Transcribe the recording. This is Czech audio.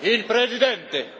il presidente.